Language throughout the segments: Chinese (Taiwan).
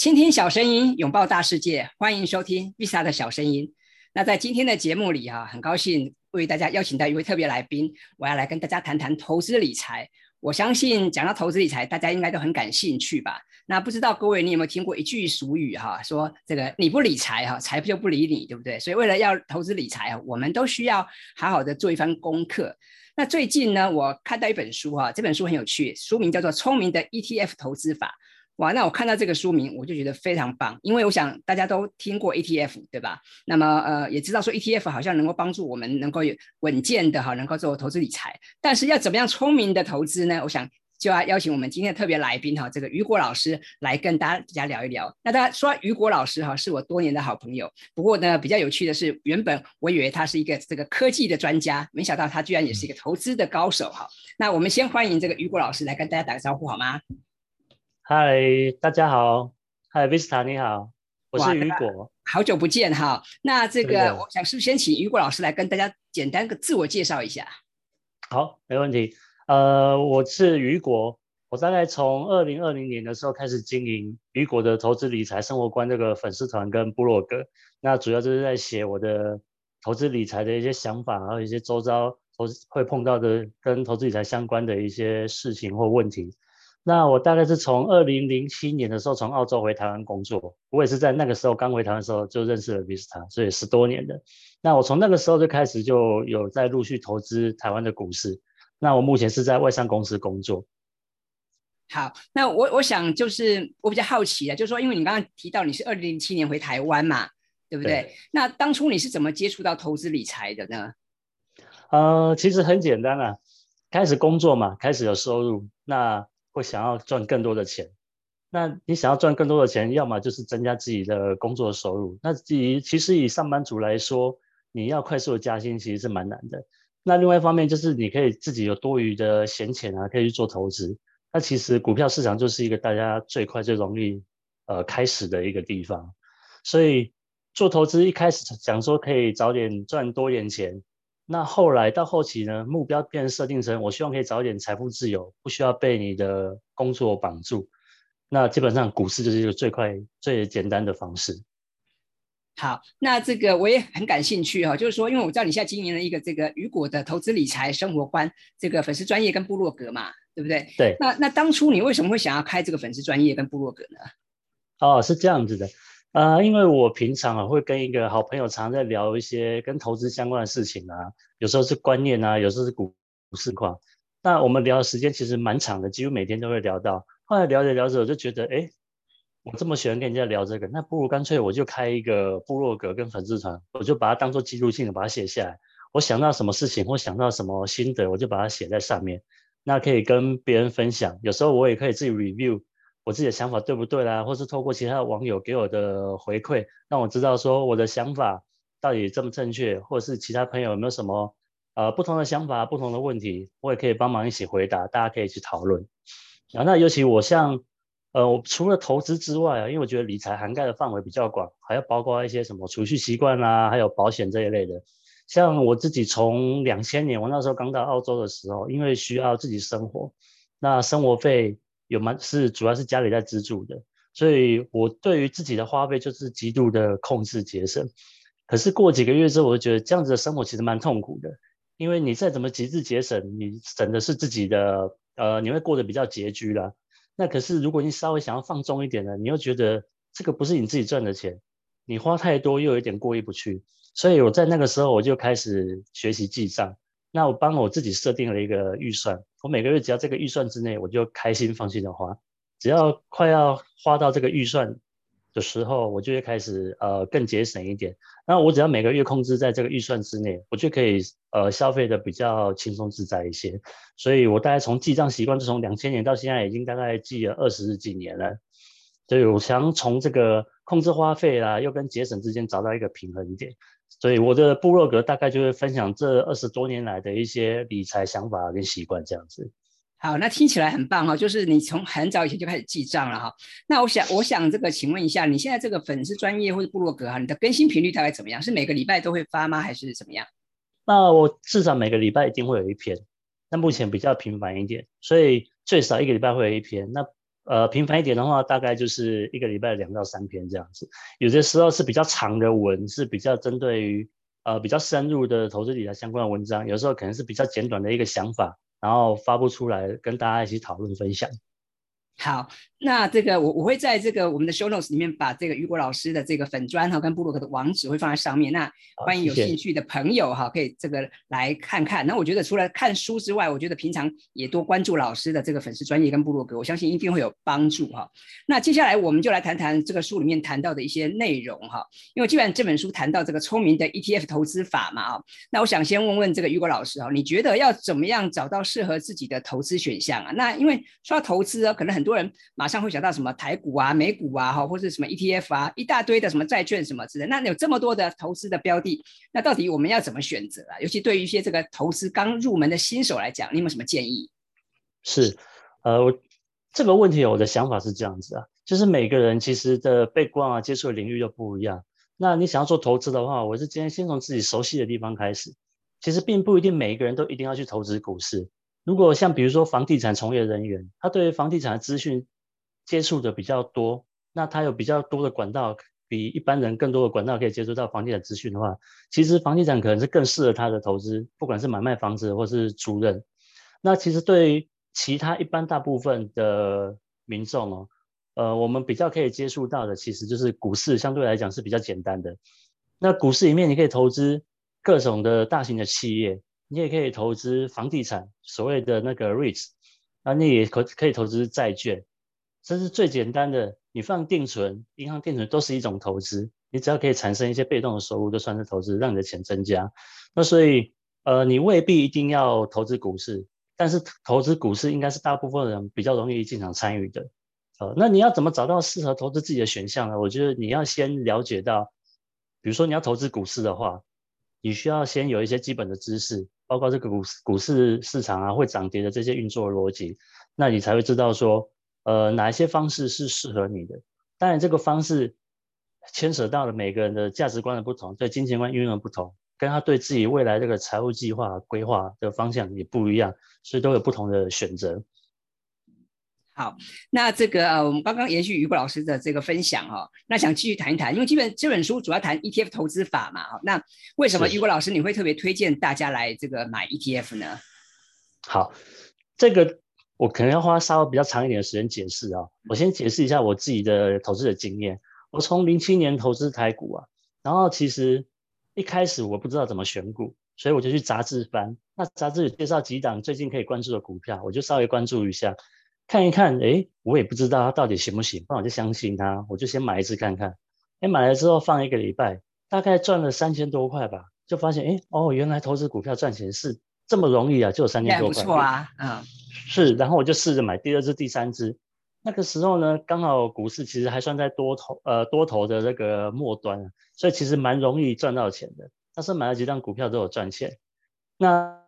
傾聽小聲音，擁抱大世界，歡迎收聽 Vista 的小聲音。那在今天的節目裡哈、啊，很高興為大家邀請到一位特別來賓，我要來跟大家談談投資理財。我相信講到投資理財，大家應該都很感興趣吧？那不知道各位你有沒有聽過一句俗語哈、啊，說這個你不理財哈、啊，財就不理你，對不對？所以為了要投資理財啊，我們都需要好好的做一番功課。那最近呢，我看到一本書哈、啊，這本書很有趣，書名叫做《聰明的 ETF 投資法》。哇，那我看到這個書名，我就覺得非常棒，因為我想大家都聽過 ETF，對吧？那麼，呃，也知道說 ETF 好像能夠幫助我們能夠有穩健的哈，能夠做投資理財。但是要怎麼樣聰明的投資呢？我想就要邀請我們今天特別來賓哈，這個雨果老師來跟大家大家聊一聊。那大家說雨果老師哈，是我多年的好朋友，不過呢，比較有趣的是，原本我以為他是一個這個科技的專家，沒想到他居然也是一個投資的高手哈。那我們先歡迎這個雨果老師來跟大家打個招呼好嗎？嗨，Hi, 大家好！嗨，Vista，你好，我是雨果，好久不見哈。那這個，對對，我想是不是先請雨果老師來跟大家簡單個自我介紹一下？好，沒問題。呃，我是雨果，我大概從二零二零年的時候開始經營雨果的投資理財生活觀這個粉絲團跟部落格，那主要就是在寫我的投資理財的一些想法，然後一些周遭投資會碰到的跟投資理財相關的一些事情或問題。那我大概是從二零零七年的時候從澳洲回台灣工作，我也是在那個時候剛回台灣的時候就認識了 Vista，所以十多年的。那我從那個時候就開始就有在陸續投資台灣的股市。那我目前是在外商公司工作。好，那我我想就是我比較好奇啊，就是說因為你剛剛提到你是二零零七年回台灣嘛，對不對？對。那當初你是怎麼接觸到投資理財的呢？呃，其實很簡單啊，開始工作嘛，開始有收入那。會想要賺更多的錢，那你想要賺更多的錢，要麼就是增加自己的工作收入。那自己，其實以上班族來說，你要快速的加薪其實是蠻難的。那另外一方面就是你可以自己有多餘的閒錢啊，可以去做投資。那其實股票市場就是一個大家最快最容易呃開始的一個地方。所以做投資一開始想說可以早點賺多點錢。那後來到後期呢，目標變成設定成，我希望可以早一點財富自由，不需要被你的工作綁住。那基本上股市就是一個最快、最簡單的方式。好，那這個我也很感興趣哈、哦，就是說，因為我知道你現在經營了一個這個雨果的投資理財生活觀這個粉絲專頁跟部落格嘛，對不對？對。那那當初你為什麼會想要開這個粉絲專頁跟部落格呢？哦，是這樣子的。啊、呃，因為我平常啊會跟一個好朋友常常在聊一些跟投資相關的事情啊，有時候是觀念啊，有時候是股市況。那我們聊的時間其實蠻長的，幾乎每天都會聊到。後來聊着聊着，我就覺得，哎、欸，我這麼喜歡跟人家聊這個，那不如乾脆我就開一個部落格跟粉絲團，我就把它當做記錄性的，把它寫下來。我想到什麼事情，或想到什麼心得，我就把它寫在上面，那可以跟別人分享。有時候我也可以自己 review。我自己的想法對不對啦？或是透過其他的網友給我的回饋，讓我知道說我的想法到底正不正確，或者是其他朋友有沒有什麼呃不同的想法、不同的問題，我也可以幫忙一起回答，大家可以去討論。然、啊、後，那尤其我像呃，我除了投資之外啊，因為我覺得理財涵蓋的範圍比較廣，還要包括一些什麼儲蓄習慣啊，還有保險這一類的。像我自己從兩千年，我那時候剛到澳洲的時候，因為需要自己生活，那生活費。有蠻是主要是家裡在資助的，所以我對於自己的花費就是極度的控制節省。可是過幾個月之後，我就覺得這樣子的生活其實蠻痛苦的，因為你再怎麼極致節省，你省的是自己的，呃，你會過得比較拮据啦。那可是如果你稍微想要放鬆一點呢，你又覺得這個不是你自己賺的錢，你花太多又有點過意不去。所以我在那個時候我就開始學習記賬。那我幫我自己設定了一個預算，我每個月只要這個預算之內，我就開心放心的花。只要快要花到這個預算的時候，我就會開始呃更節省一點。那我只要每個月控制在這個預算之內，我就可以呃消費的比較輕鬆自在一些。所以，我大概從記賬習慣，是從兩千年到現在，已經大概記了二十幾年了。所以，我想從這個控制花費啦、啊，又跟節省之間找到一個平衡點。所以我的部落格大概就會分享這二十多年來的一些理財想法跟習慣這樣子。好，那聽起來很棒哈、哦，就是你從很早以前就開始記賬了哈、哦。那我想，我想這個請問一下，你現在這個粉絲專頁或者部落格哈，你的更新頻率大概怎麼樣？是每個禮拜都會發嗎？還是怎麼樣？那我至少每個禮拜一定會有一篇。那目前比較頻繁一點，所以最少一個禮拜會有一篇。那呃，頻繁一點的話，大概就是一個禮拜兩到三篇這樣子。有些時候是比較長的文，是比較針對於呃比較深入的投資理財相關的文章。有時候可能是比較簡短的一個想法，然後發布出來跟大家一起討論分享。好。那這個我我會在這個我們的 show notes 裡面把這個雨果老師的這個粉專哈，跟部落格的網址會放在上面，那歡迎有興趣的朋友哈可以這個來看看。謝謝。那我覺得除了看書之外，我覺得平常也多關注老師的這個粉絲專頁跟部落格，我相信一定會有幫助哈。那接下來我們就來談談這個書裡面談到的一些內容哈，因為既然這本書談到這個聰明的 ETF 投資法嘛啊，那我想先問問這個雨果老師哈，你覺得要怎麼樣找到適合自己的投資選項啊？那因為說到投資啊，可能很多人馬上。像會想到什麼台股啊、美股啊，哈，或者什麼 ETF 啊，一大堆的什麼債券什麼之類的。那你有這麼多的投資的標的，那到底我們要怎麼選擇啊？尤其對於一些這個投資剛入門的新手來講，你有沒有什麼建議？是，呃我，這個問題我的想法是這樣子啊，就是每個人其實的背景啊、接觸的領域都不一樣。那你想要做投資的話，我是建議先從自己熟悉的地方開始。其實並不一定每一個人都一定要去投資股市。如果像比如說房地產從業人員，他對於房地產的資訊。接觸的比較多，那他有比較多的管道，比一般人更多的管道可以接觸到房地產資訊的話，其實房地產可能是更適合他的投資，不管是買賣房子或是租賃。那其實對於其他一般大部分的民眾哦，呃，我們比較可以接觸到的，其實就是股市，相對來講是比較簡單的。那股市裡面你可以投資各種的大型的企業，你也可以投資房地產，所謂的那個 r e i t h 那你也可可以投資債券。甚至最簡單的，你放定存、銀行定存都是一種投資，你只要可以產生一些被動的收入，就算是投資，讓你的錢增加。那所以，呃，你未必一定要投資股市，但是投資股市應該是大部分人比較容易進場參與的。呃，那你要怎麼找到適合投資自己的選項呢？我覺得你要先了解到，比如說你要投資股市的話，你需要先有一些基本的知識，包括這個股股市市場啊會漲跌的這些運作的邏輯，那你才會知道說，呃，哪一些方式是適合你的？當然，這個方式牽扯到了每個人的價值觀的不同，對金錢觀運用的不同，跟他對自己未來這個財務計劃規劃的方向也不一樣，所以都有不同的選擇。好，那這個、呃、我們剛剛延續雨果老師的這個分享哦，那想繼續談一談，因為基本這本書主要談 ETF 投資法嘛，那為什麼雨果老師你會特別推薦大家來這個買 ETF 呢？好，這個。我可能要花稍微比較長一點的時間解釋啊。我先解釋一下我自己的投資的經驗。我從零七年投資台股啊，然後其實一開始我不知道怎麼選股，所以我就去雜志翻。那雜誌裡介紹幾檔最近可以關注的股票，我就稍微關注一下，看一看。誒，我也不知道它到底行不行，不然我就相信它，我就先買一支看看。誒，買了之後放一個禮拜，大概賺了三千多塊吧，就發現誒、欸，哦，原來投資股票賺錢是這麼容易啊，就有三千多塊、欸。不錯啊，嗯。是，然後我就試着買第二支、第三支。那個時候呢，剛好股市其實還算在多頭，呃，多頭的那個末端，所以其實蠻容易賺到錢的。但是買了幾張股票都有賺錢。那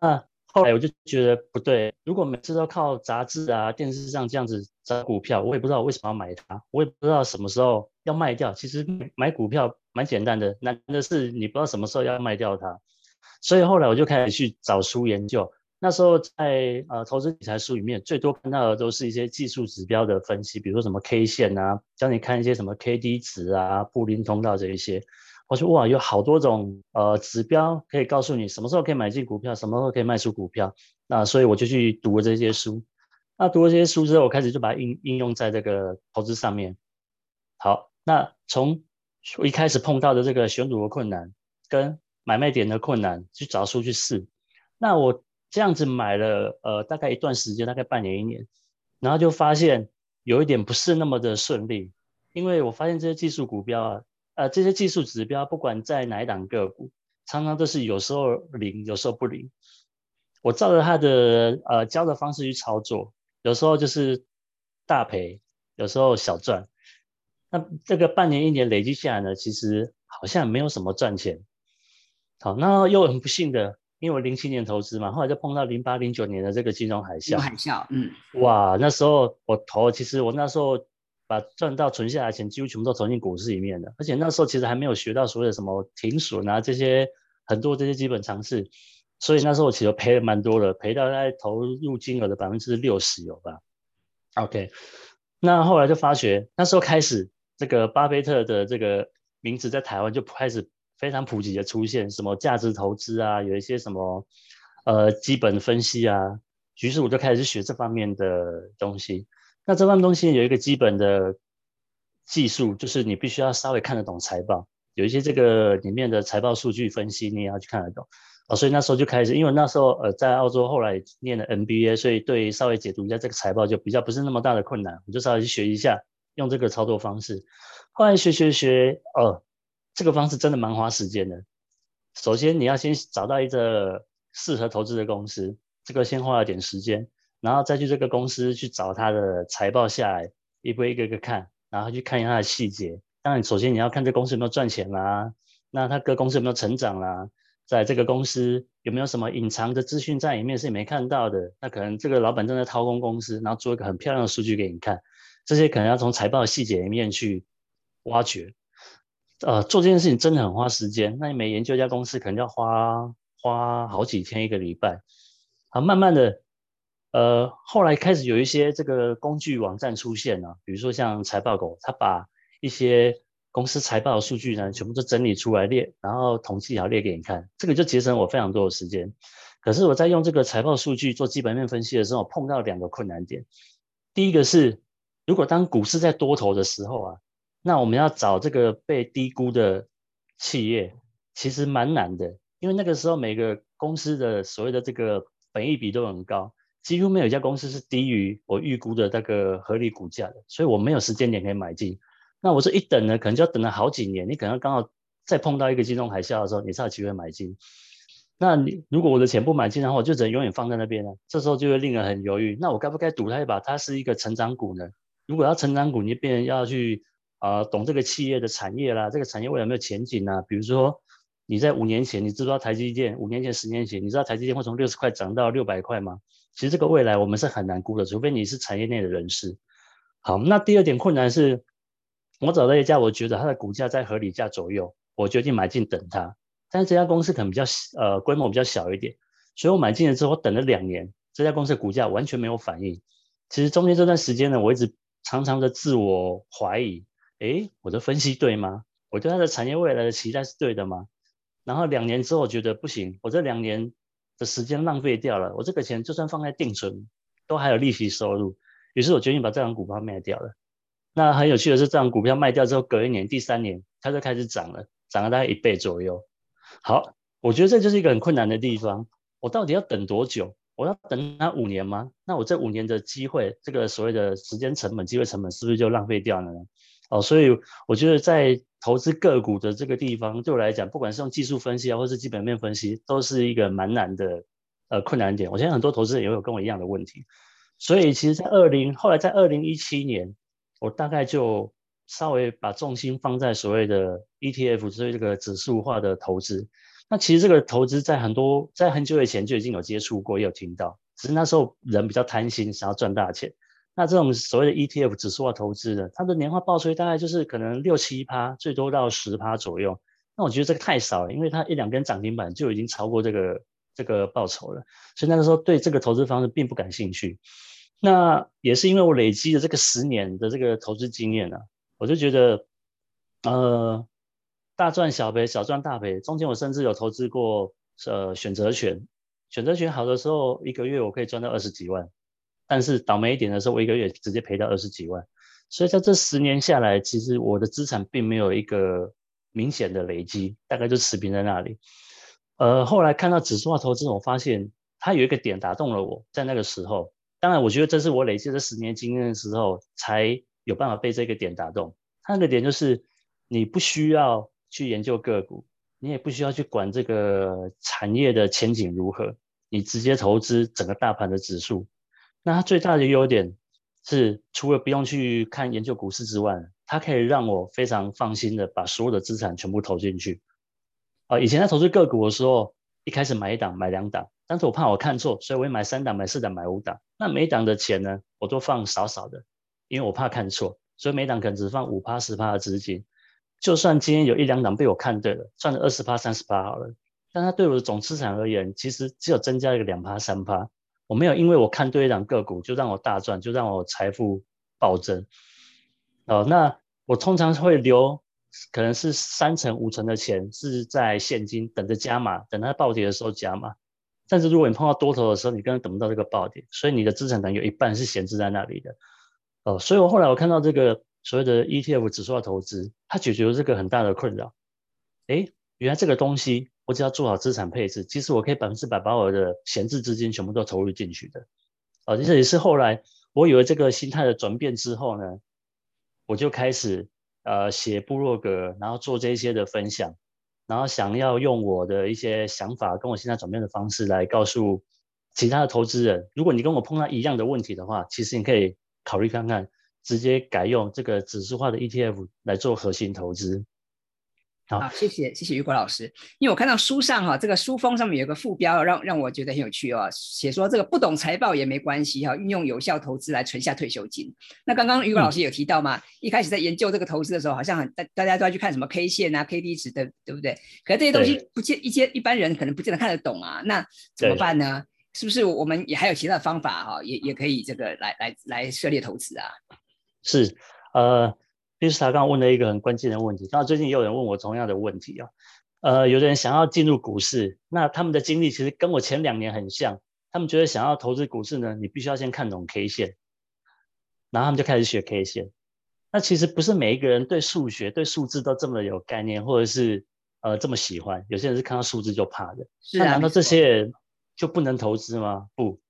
後來我就覺得不對，如果每次都靠雜誌啊、電視上這樣子找股票，我也不知道我為什麼要買它，我也不知道什麼時候要賣掉。其實買股票蠻簡單的，難的是你不知道什麼時候要賣掉它。所以後來我就開始去找書研究。那時候在呃投資理財書裡面最多看到的都是一些技術指標的分析，比如說什麼 K 線啊，教你看一些什麼 K D 值啊、布林通道這一些。我說哇，有好多種呃指標可以告訴你什麼時候可以買進股票，什麼時候可以賣出股票。那所以我就去讀了這些書。那讀了這些書之後，我開始就把它應應用在這個投資上面。好，那從我一開始碰到的這個選股的困難跟買賣點的困難，去找書去試。那我。這樣子買了，呃，大概一段時間，大概半年一年，然後就發現有一點不是那麼的順利，因為我發現這些技術股標啊，呃，這些技術指標，不管在哪一檔個股，常常都是有時候靈，有時候不靈。我照着他的呃教的方式去操作，有時候就是大賠，有時候小賺。那這個半年一年累積下來呢，其實好像沒有什麼賺錢。好，那又很不幸的。因為我零七年投資嘛，後來就碰到零八零九年的這個金融海嘯。海嘯，嗯，哇，那時候我投，其實我那時候把賺到存下來錢，幾乎全部都投進股市裡面了。而且那時候其實還沒有學到所謂的什麼停損啊這些很多這些基本常識，所以那時候我其實賠了蠻多的，賠到大概投入金額的百分之六十有吧。OK，那後來就發覺那時候開始，這個巴菲特的這個名字在台灣就開始。非常普及的出現，什麼價值投資啊，有一些什麼，呃，基本分析啊，於是我就開始學這方面的東西。那這方面東西有一個基本的技術，就是你必須要稍微看得懂財報，有一些這個裡面的財報數據分析，你也要去看得懂啊、哦。所以那時候就開始，因為那時候呃在澳洲，後來念了 MBA，所以對稍微解讀一下這個財報就比較不是那麼大的困難，我就稍微去學一下，用這個操作方式，後來學學學，哦。呃這個方式真的蠻花時間的。首先，你要先找到一個適合投資的公司，這個先花了點時間，然後再去這個公司去找它的財報下來，一步一個一個看，然後去看一下它的細節。當然，首先你要看這公司有沒有賺錢啦、啊，那它各公司有沒有成長啦，在這個公司有沒有什麼隱藏的資訊在裡面是你沒看到的？那可能這個老闆正在掏空公司，然後做一個很漂亮的數據給你看，這些可能要從財報的細節裡面去挖掘。呃，做這件事情真的很花時間。那你每研究一家公司，可能要花花好幾天，一個禮拜。好，慢慢的，呃，後來開始有一些這個工具網站出現了，啊，比如說像財報狗，它把一些公司財報的數據呢，全部都整理出來列，然後統計好列給你看。這個就節省我非常多的時間。可是我在用這個財報數據做基本面分析的時候，我碰到兩個困難點。第一個是，如果當股市在多頭的時候啊。那我們要找這個被低估的企業，其實蠻難的，因為那個時候每個公司的所謂的這個本益比都很高，幾乎沒有一家公司是低於我預估的那個合理股價的，所以我沒有時間點可以買進。那我這一等呢，可能就要等了好幾年，你可能剛好再碰到一個金融海嘯的時候，你才有機會買進。那你如果我的錢不買進，然後我就只能永遠放在那邊了。這時候就會令人很猶豫，那我該不該賭他一把？它是一個成長股呢？如果要成長股，你就變成要去。啊、呃，懂這個企業的產業啦，這個產業未來有沒有前景啊？比如說，你在五年前，你知,知道台積電五年前、十年前，你知道台積電會從六十塊漲到六百塊嗎？其實這個未來我們是很難估的，除非你是產業內的人士。好，那第二點困難是，我找到一家，我覺得它的股價在合理價左右，我決定買進等它。但是這家公司可能比較呃規模比較小一點，所以我買進了之後我等了兩年，這家公司的股價完全沒有反應。其實中間這段時間呢，我一直常常的自我懷疑。誒，我的分析對嗎？我對它的產業未來的期待是對的嗎？然後兩年之後，我覺得不行，我這兩年的時間浪費掉了，我這個錢就算放在定存，都還有利息收入。於是，我決定把這張股票賣掉了。那很有趣的是，這張股票賣掉之後，隔一年、第三年，它就開始漲了，漲了大概一倍左右。好，我覺得這就是一個很困難的地方。我到底要等多久？我要等它五年嗎？那我這五年的機會，這個所謂的時間成本、機會成本，是不是就浪費掉了呢？哦，所以我覺得在投資個股的這個地方，對我來講，不管是用技術分析啊，或是基本面分析，都是一個蠻難的呃困難點。我相信很多投資人也會有跟我一樣的問題，所以其實，在二零後來在二零一七年，我大概就稍微把重心放在所謂的 ETF，所謂這個指數化的投資。那其實這個投資在很多在很久以前就已經有接觸過，也有聽到，只是那時候人比較貪心，想要賺大錢。那這種所謂的 ETF 指數化投資的，它的年化報酬率大概就是可能六七趴，最多到十趴左右。那我覺得這個太少了，因為它一兩根漲停板就已經超過這個這個報酬了。所以那個時候對這個投資方式並不感興趣。那也是因為我累積了這個十年的這個投資經驗呢、啊，我就覺得，呃，大賺小賠，小賺大賠。中間我甚至有投資過呃選擇權，選擇權好的時候，一個月我可以賺到二十幾萬。但是倒霉一點的時候，我一個月直接賠到二十幾萬，所以在這十年下來，其實我的資產並沒有一個明顯的累積，大概就持平在那裡。呃，後來看到指數化投資，我發現它有一個點打動了我，在那個時候，當然我覺得這是我累積這十年經驗的時候，才有辦法被這個點打動。它那個點就是，你不需要去研究個股，你也不需要去管這個產業的前景如何，你直接投資整個大盤的指數。那它最大的優點是，除了不用去看研究股市之外，它可以讓我非常放心的把所有的資產全部投進去。啊，以前在投資個股的時候，一開始買一檔、買兩檔，但是我怕我看錯，所以我會買三檔、買四檔、買五檔。那每檔的錢呢，我都放少少的，因為我怕看錯，所以每檔可能只放五趴、十趴的資金。就算今天有一兩檔被我看對了，算了二十趴、三十趴好了，但它對我的總資產而言，其實只有增加一個兩趴、三趴。我沒有因為我看對一檔個股就讓我大賺，就讓我財富暴增。哦、呃，那我通常會留可能是三成、五成的錢是在現金，等着加碼，等它暴跌的時候加碼。但是如果你碰到多頭的時候，你根本等不到這個暴跌，所以你的資產可能有一半是閒置在那裡的。哦、呃，所以我後來我看到這個所謂的 ETF 指數化投資，它解決了這個很大的困擾。誒，原來這個東西。只要做好資產配置，其實我可以百分之百把我的閒置資金全部都投入進去的。啊，這也是後來我以為這個心態的轉變之後呢，我就開始呃寫部落格，然後做這一些的分享，然後想要用我的一些想法跟我現在轉變的方式來告訴其他的投資人，如果你跟我碰到一樣的問題的話，其實你可以考慮看看，直接改用這個指數化的 ETF 來做核心投資。好，好，謝謝謝謝雨果老師，因為我看到書上哈、啊，這個書封上面有一個副標、啊，讓讓我覺得很有趣哦，寫說這個不懂財報也沒關係哈、啊，運用有效投資來存下退休金。那剛剛雨果老師有提到嘛，嗯、一開始在研究這個投資的時候，好像很大大家都要去看什麼 K 線啊、K D 值的，對不對？可是這些東西不見對一些一般人可能不見得看得懂啊，那怎麼辦呢？對是不是我們也還有其他的方法哈、啊，也也可以這個來來來涉獵投資啊？是，呃。於是他剛剛問了一個很關鍵的問題，然後最近也有人問我同樣的問題啊，呃，有的人想要進入股市，那他們的經歷其實跟我前兩年很像，他們覺得想要投資股市呢，你必須要先看懂 K 線，然後他們就開始學 K 線。那其實不是每一個人對數學、對數字都這麼有概念，或者是呃這麼喜歡，有些人是看到數字就怕的。是、啊，那難道這些人就不能投資嗎？不，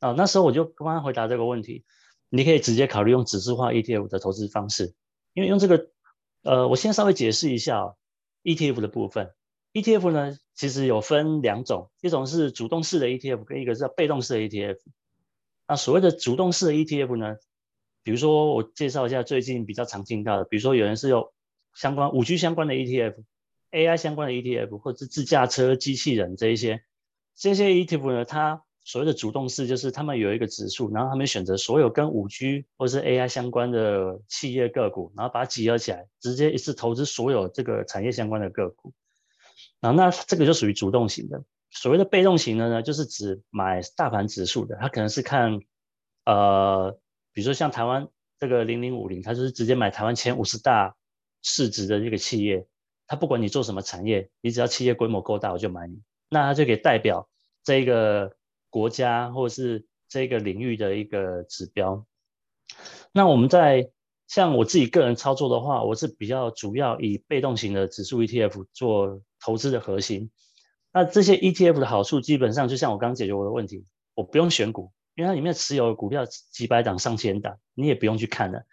啊、哦，那時候我就幫他回答這個問題，你可以直接考慮用指數化 ETF 的投資方式。因為用這個，呃，我先稍微解釋一下 ETF 的部分。ETF 呢，其實有分兩種，一種是主動式的 ETF，跟一個叫被動式的 ETF。那所謂的主動式的 ETF 呢，比如說我介紹一下最近比較常聽到的，比如說有人是有相關 5G 相關的 ETF，AI 相關的 ETF，或者是自駕車、機器人這一些，這些 ETF 呢，它所謂的主動式就是他們有一個指數，然後他們選擇所有跟五 G 或是 AI 相關的企業個股，然後把它集合起來，直接一次投資所有這個產業相關的個股。然後那這個就屬於主動型的。所謂的被動型的呢，就是指買大盤指數的，他可能是看，呃，比如說像台灣這個零零五零，他就是直接買台灣前五十大市值的這個企業，他不管你做什麼產業，你只要企業規模夠大，我就買你。那他就給代表這一個國家或是這個領域的一個指標。那我們在像我自己個人操作的話，我是比較主要以被動型的指數 ETF 做投資的核心。那這些 ETF 的好處，基本上就像我剛剛解決我的問題，我不用選股，因為它裡面持有股票幾百檔、上千檔，你也不用去看了。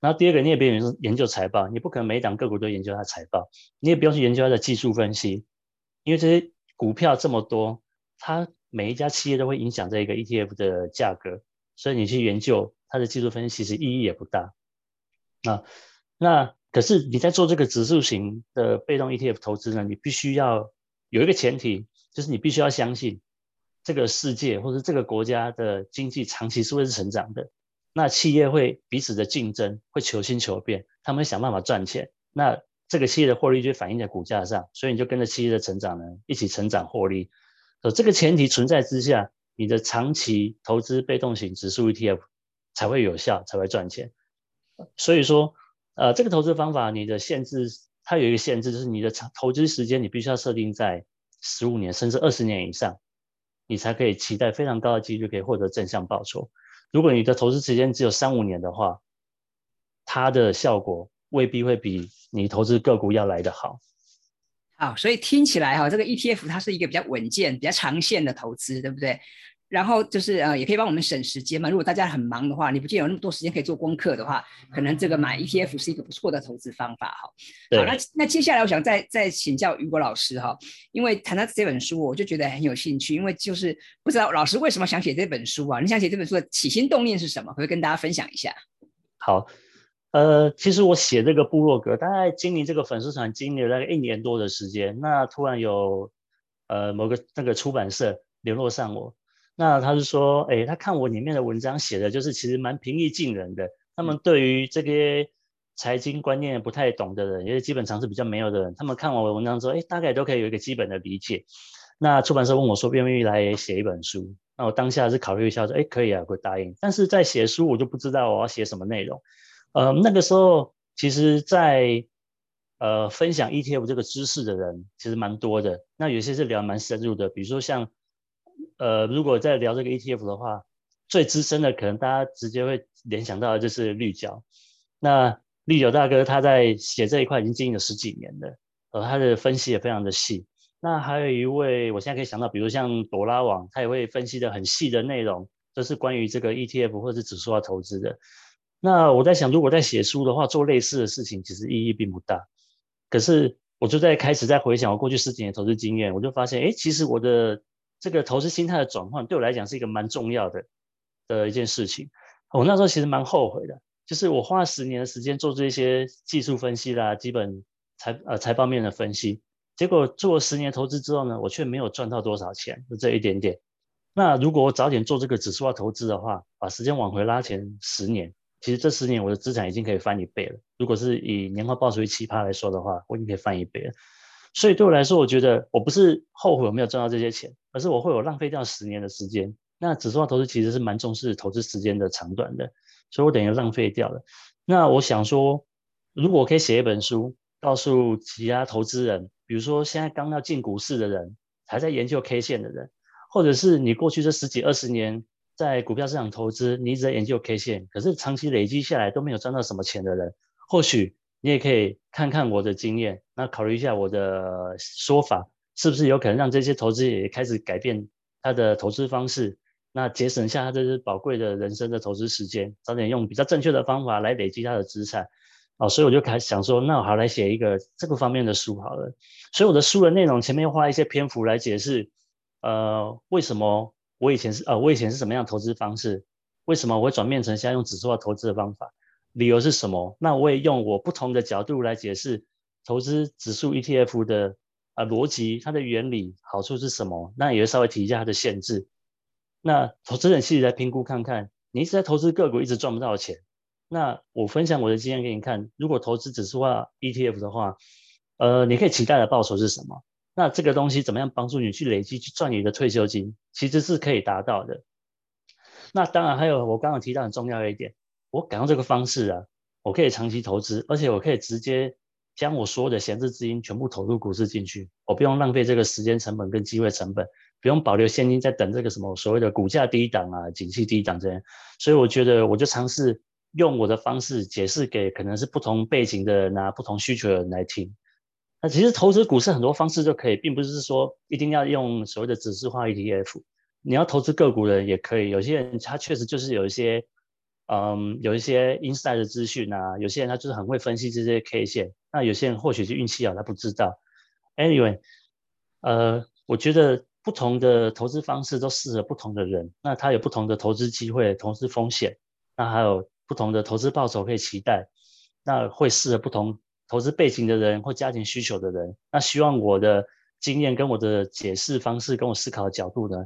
然後第二個，你也不用研究財報，你不可能每檔個股都研究它的財報，你也不用去研究它的技術分析，因為這些股票這麼多，它每一家企業都會影響這個 ETF 的價格，所以你去研究它的技術分析其實意義也不大。那那可是你在做這個指數型的被動 ETF 投資呢，你必須要有一個前提，就是你必須要相信這個世界或者這個國家的經濟長期是會是成長的。那企業會彼此的競爭，會求新求變，他們想辦法賺錢。那這個企業的獲利就反映在股價上，所以你就跟着企業的成長呢一起成長獲利。這個前提存在之下，你的長期投資被動型指數 ETF 才會有效，才會賺錢。所以說，呃，這個投資方法你的限制，它有一個限制，就是你的長投資時間你必須要設定在十五年甚至二十年以上，你才可以期待非常高的機率可以獲得正向報酬。如果你的投資時間只有三五年的話，它的效果未必會比你投資個股要來得好。啊，所以聽起來哈、哦，這個 ETF 它是一個比較穩健、比較長線的投資，對不對？然後就是呃，也可以幫我們省時間嘛。如果大家很忙的話，你不見有那麼多時間可以做功課的話，可能這個買 ETF 是一個不錯的投資方法哈。是好，那那接下來我想再再請教雨果老師哈、哦，因為談到這本書，我就覺得很有興趣，因為就是不知道老師為什麼想寫這本書啊？你想寫這本書的起心動念是什麼？可不可以跟大家分享一下。好。呃，其實我寫這個部落格，大概經營這個粉絲團，經營了大概一年多的時間。那突然有，呃，某個那個出版社聯絡上我，那他是說，誒、哎，他看我裡面的文章寫的就是其實蠻平易近人的。他們對於這些財經觀念不太懂的人，也是基本常識比較沒有的人，他們看完我的文章之後，誒、哎，大概都可以有一個基本的理解。那出版社問我說，願不願意來寫一本書？那我當下是考慮一下，說，誒、哎，可以啊，我答應。但是在寫書，我就不知道我要寫什麼內容。呃，那個時候，其實在，在呃分享 ETF 這個知識的人其實蠻多的。那有些是聊蠻深入的，比如說像呃，如果在聊這個 ETF 的話，最資深的可能大家直接會聯想到的就是綠角。那綠角大哥他在寫這一塊已經經營了十幾年了，呃，他的分析也非常的細。那還有一位，我現在可以想到，比如像朵拉網，他也會分析的很細的內容，就是關於這個 ETF 或者是指數化投資的。那我在想，如果在寫書的話，做類似的事情其實意義並不大。可是我就在開始在回想我過去十幾年投資經驗，我就發現，誒，其實我的這個投資心態的轉換對我來講是一個蠻重要的的一件事情。我那時候其實蠻後悔的，就是我花了十年的時間做這些技術分析啦、基本財呃財報面的分析，結果做了十年投資之後呢，我卻沒有賺到多少錢，就這一點點。那如果我早點做這個指數化投資的話，把時間往回拉前十年。其實這十年我的資產已經可以翻一倍了。如果是以年化報酬率7%來說的話，我已經可以翻一倍了。所以對我來說，我覺得我不是後悔有沒有賺到這些錢，而是我會有浪費掉十年的時間。那指數化投資其實是蠻重視投資時間的長短的，所以我等於浪費掉了。那我想說，如果我可以寫一本書，告訴其他投資人，比如說現在剛要進股市的人，還在研究 K 線的人，或者是你過去這十幾二十年。在股票市場投資，你一直在研究 K 線，可是長期累積下來都沒有賺到什麼錢的人，或許你也可以看看我的經驗，那考慮一下我的說法，是不是有可能讓這些投資也開始改變他的投資方式，那節省一下他這些寶貴的人生的投資時間，早點用比較正確的方法來累積他的資產。哦，所以我就開始想說，那我好來寫一個這個方面的書好了，所以我的書的內容前面花一些篇幅來解釋，呃，為什麼。我以前是呃，我以前是什麼樣投資方式？為什麼我會轉變成現在用指數化投資的方法？理由是什麼？那我也用我不同的角度來解釋投資指數 ETF 的啊、呃、邏輯，它的原理、好處是什麼？那也會稍微提一下它的限制。那投資人自己來評估看看，你一直在投資個股一直賺不到錢，那我分享我的經驗給你看，如果投資指數化 ETF 的話，呃，你可以期待的報酬是什麼？那這個東西怎麼樣幫助你去累積、去賺你的退休金，其實是可以達到的。那當然還有我剛剛提到很重要的一點，我敢用這個方式啊，我可以長期投資，而且我可以直接將我所有的閒置資金全部投入股市進去，我不用浪費這個時間成本跟機會成本，不用保留現金在等這個什麼所謂的股價低檔啊、景氣低檔這些。所以我覺得我就嘗試用我的方式解釋給可能是不同背景的人啊，不同需求的人來聽。那其實投資股市很多方式都可以，並不是說一定要用所謂的指數化 ETF。你要投資個股的人也可以，有些人他確實就是有一些，嗯，有一些 inside 的資訊啊，有些人他就是很會分析這些 K 線。那有些人或許是運氣好，他不知道。Anyway，呃，我覺得不同的投資方式都適合不同的人。那他有不同的投資機會，投資風險，那還有不同的投資報酬可以期待。那會適合不同。投資背景的人或家庭需求的人，那希望我的經驗跟我的解釋方式跟我思考的角度呢，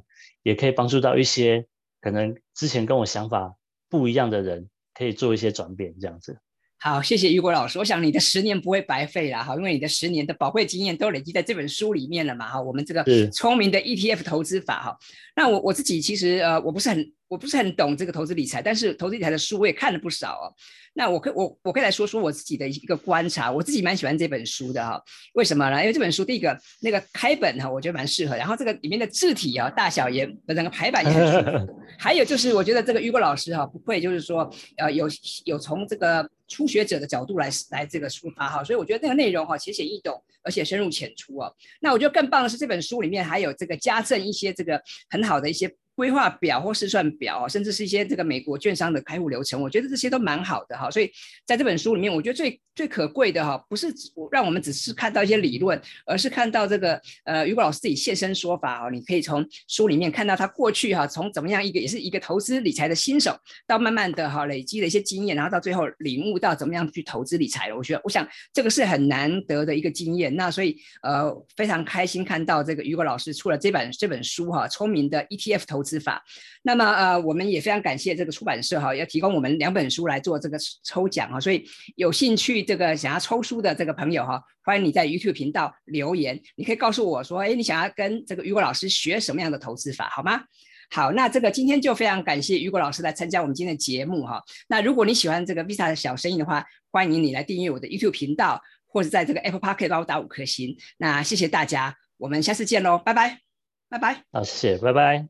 也可以幫助到一些可能之前跟我想法不一樣的人，可以做一些轉變這樣子。好，謝謝雨果老師。我想你的十年不會白費啦，哈，因為你的十年的寶貴經驗都累積在這本書裡面了嘛，哈，我們這個聰明的 ETF 投資法，哈是、啊。那我我自己其實呃，我不是很，我不是很懂這個投資理財，但是投資理財的書我也看了不少哦。那我可我我可以來說說我自己的一個觀察，我自己蠻喜歡這本書的哈、哦。為什麼呢？因為這本書第一個那個開本哈、啊，我覺得蠻適合。然後這個裡面的字體啊，大小也整個排版也很適合。 還有就是我覺得這個雨果老師哈、啊，不會就是說呃有有從這個。初學者的角度來來這個出發哈，所以我覺得那個內容哈淺顯易懂，而且深入淺出哦、啊。那我覺得更棒的是這本書裡面還有這個加贈一些這個很好的一些。規劃表或試算表，甚至是一些這個美國券商的開戶流程，我覺得這些都蠻好的哈。所以在這本書裡面，我覺得最最可貴的哈，不是讓我們只是看到一些理論，而是看到這個呃雨果老師自己現身說法哈。你可以從書裡面看到他過去哈，從怎麼樣一個也是一個投資理財的新手，到慢慢的哈累積了一些經驗，然後到最後領悟到怎麼樣去投資理財了。我覺得我想這個是很難得的一個經驗。那所以呃非常開心看到這個雨果老師出了這本這本書哈，聰明的 ETF 投資。資法，那麼呃，我們也非常感謝這個出版社哈、哦，要提供我們兩本書來做這個抽獎哈、哦，所以有興趣這個想要抽書的這個朋友哈、哦，歡迎你在 YouTube 頻道留言，你可以告訴我說，哎，你想要跟這個雨果老師學什麼樣的投資法，好嗎？好，那這個今天就非常感謝雨果老師來參加我們今天的節目哈、哦，那如果你喜歡這個 Vista 的小生意的話，歡迎你來訂閱我的 YouTube 頻道，或者在這個 Apple Podcast 給我打五顆星，那謝謝大家，我們下次見嘍，拜拜，拜拜，好、啊，謝謝，拜拜。